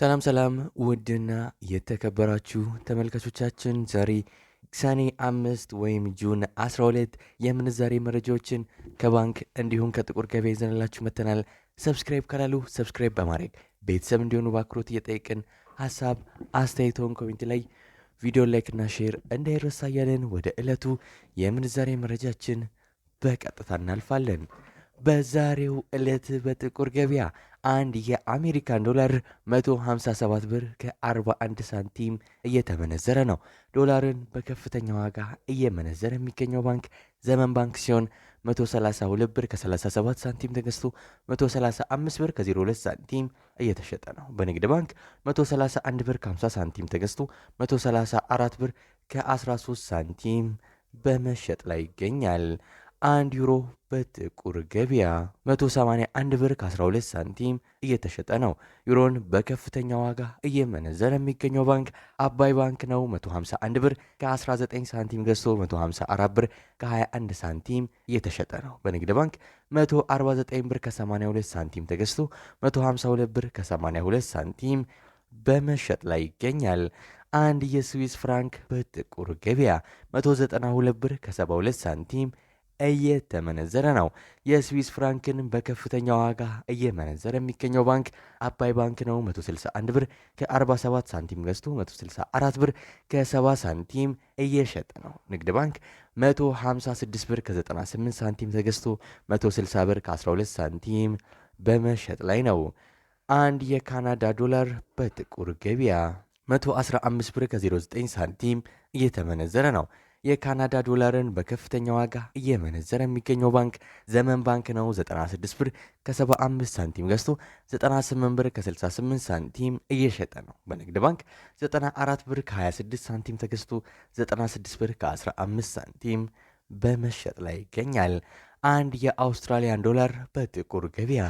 ሰላም ሰላም ውድና የተከበራችሁ ተመልካቾቻችን ዛሬ ሰኔ አምስት ወይም ጁን 12 የምንዛሬ መረጃዎችን ከባንክ እንዲሁም ከጥቁር ገበያ ይዘንላችሁ መተናል። ሰብስክራይብ ካላሉ ሰብስክራይብ በማድረግ ቤተሰብ እንዲሆኑ በአክብሮት እየጠየቅን ሀሳብ አስተያየቶን ኮሜንት ላይ ቪዲዮ ላይክና ሼር እንዳይረሳ እያለን ወደ ዕለቱ የምንዛሬ መረጃችን በቀጥታ እናልፋለን። በዛሬው ዕለት በጥቁር ገበያ አንድ የአሜሪካን ዶላር 157 ብር ከ41 ሳንቲም እየተመነዘረ ነው። ዶላርን በከፍተኛ ዋጋ እየመነዘረ የሚገኘው ባንክ ዘመን ባንክ ሲሆን 132 ብር ከ37 ሳንቲም ተገዝቶ 135 ብር ከ02 ሳንቲም እየተሸጠ ነው። በንግድ ባንክ 131 ብር ከ50 ሳንቲም ተገዝቶ 134 ብር ከ13 ሳንቲም በመሸጥ ላይ ይገኛል። አንድ ዩሮ በጥቁር ገበያ 181 ብር ከ12 ሳንቲም እየተሸጠ ነው። ዩሮን በከፍተኛ ዋጋ እየመነዘረ የሚገኘው ባንክ አባይ ባንክ ነው። 151 ብር ከ19 ሳንቲም ገዝቶ 154 ብር ከ21 ሳንቲም እየተሸጠ ነው። በንግድ ባንክ 149 ብር ከ82 ሳንቲም ተገዝቶ 152 ብር ከ82 ሳንቲም በመሸጥ ላይ ይገኛል። አንድ የስዊስ ፍራንክ በጥቁር ገበያ 192 ብር ከ72 ሳንቲም እየተመነዘረ ነው። የስዊስ ፍራንክን በከፍተኛ ዋጋ እየመነዘረ የሚገኘው ባንክ አባይ ባንክ ነው። 161 ብር ከ47 ሳንቲም ገዝቶ 164 ብር ከ70 ሳንቲም እየሸጠ ነው። ንግድ ባንክ 156 ብር ከ98 ሳንቲም ተገዝቶ 160 ብር ከ12 ሳንቲም በመሸጥ ላይ ነው። አንድ የካናዳ ዶላር በጥቁር ገበያ 115 ብር ከ09 ሳንቲም እየተመነዘረ ነው። የካናዳ ዶላርን በከፍተኛ ዋጋ እየመነዘረ የሚገኘው ባንክ ዘመን ባንክ ነው። 96 ብር ከ75 ሳንቲም ገዝቶ 98 ብር ከ68 ሳንቲም እየሸጠ ነው። በንግድ ባንክ 94 ብር ከ26 ሳንቲም ተገዝቶ 96 ብር ከ15 ሳንቲም በመሸጥ ላይ ይገኛል። አንድ የአውስትራሊያን ዶላር በጥቁር ገበያ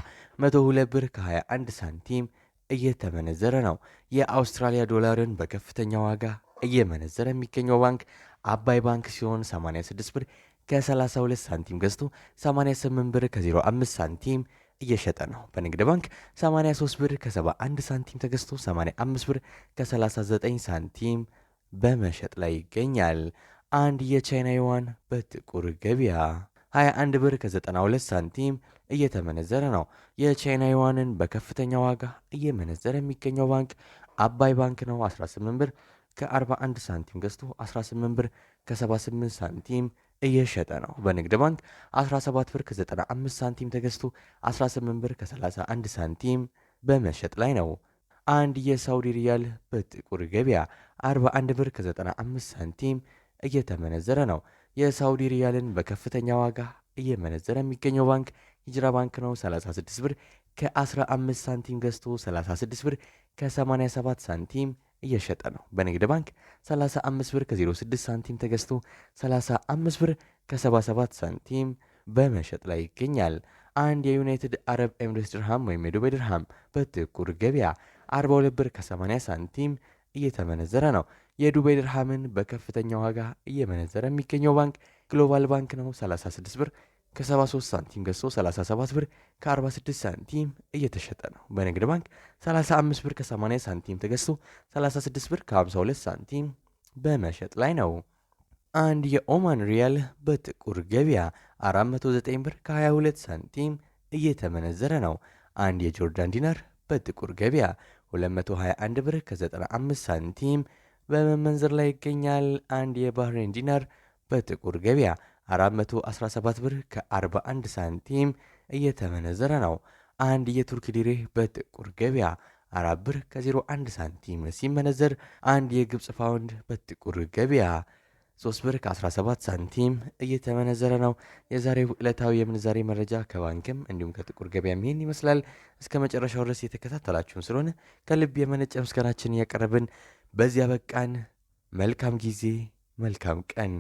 102 ብር ከ21 ሳንቲም እየተመነዘረ ነው። የአውስትራሊያ ዶላርን በከፍተኛ ዋጋ እየመነዘረ የሚገኘው ባንክ አባይ ባንክ ሲሆን 86 ብር ከ32 ሳንቲም ገዝቶ 88 ብር ከ05 ሳንቲም እየሸጠ ነው። በንግድ ባንክ 83 ብር ከ71 ሳንቲም ተገዝቶ 85 ብር ከ39 ሳንቲም በመሸጥ ላይ ይገኛል። አንድ የቻይና ዩዋን በጥቁር ገበያ 21 ብር ከ92 ሳንቲም እየተመነዘረ ነው። የቻይና ዩዋንን በከፍተኛ ዋጋ እየመነዘረ የሚገኘው ባንክ አባይ ባንክ ነው። 18 ብር ከ41 ሳንቲም ገዝቶ 18 ብር ከ78 ሳንቲም እየሸጠ ነው። በንግድ ባንክ 17 ብር ከ95 ሳንቲም ተገዝቶ 18 ብር ከ31 ሳንቲም በመሸጥ ላይ ነው። አንድ የሳውዲ ሪያል በጥቁር ገበያ 41 ብር ከ95 ሳንቲም እየተመነዘረ ነው። የሳውዲ ሪያልን በከፍተኛ ዋጋ እየመነዘረ የሚገኘው ባንክ ሂጅራ ባንክ ነው። 36 ብር ከ15 ሳንቲም ገዝቶ 36 ብር ከ87 ሳንቲም እየሸጠ ነው። በንግድ ባንክ 35 ብር ከ06 ሳንቲም ተገዝቶ 35 ብር ከ77 ሳንቲም በመሸጥ ላይ ይገኛል። አንድ የዩናይትድ አረብ ኤምሬትስ ድርሃም ወይም የዱባይ ድርሃም በጥቁር ገበያ 42 ብር ከ80 ሳንቲም እየተመነዘረ ነው። የዱባይ ድርሃምን በከፍተኛ ዋጋ እየመነዘረ የሚገኘው ባንክ ግሎባል ባንክ ነው። 36 ብር ከ73 ሳንቲም ገዝቶ 37 ብር ከ46 ሳንቲም እየተሸጠ ነው። በንግድ ባንክ 35 ብር ከ80 ሳንቲም ተገዝቶ 36 ብር ከ52 ሳንቲም በመሸጥ ላይ ነው። አንድ የኦማን ሪያል በጥቁር ገበያ 409 ብር ከ22 ሳንቲም እየተመነዘረ ነው። አንድ የጆርዳን ዲናር በጥቁር ገበያ 221 ብር ከ95 ሳንቲም በመመንዘር ላይ ይገኛል። አንድ የባህሬን ዲናር በጥቁር ገበያ 417 ብር ከ41 ሳንቲም እየተመነዘረ ነው። አንድ የቱርክ ሊሬ በጥቁር ገበያ 4 ብር ከ01 ሳንቲም ሲመነዘር አንድ የግብፅ ፓውንድ በጥቁር ገበያ 3 ብር ከ17 ሳንቲም እየተመነዘረ ነው። የዛሬው ዕለታዊ የምንዛሬ መረጃ ከባንክም እንዲሁም ከጥቁር ገበያም ይህን ይመስላል። እስከ መጨረሻው ድረስ የተከታተላችሁን ስለሆነ ከልብ የመነጨ ምስጋናችን እያቀረብን በዚያ በቃን። መልካም ጊዜ፣ መልካም ቀን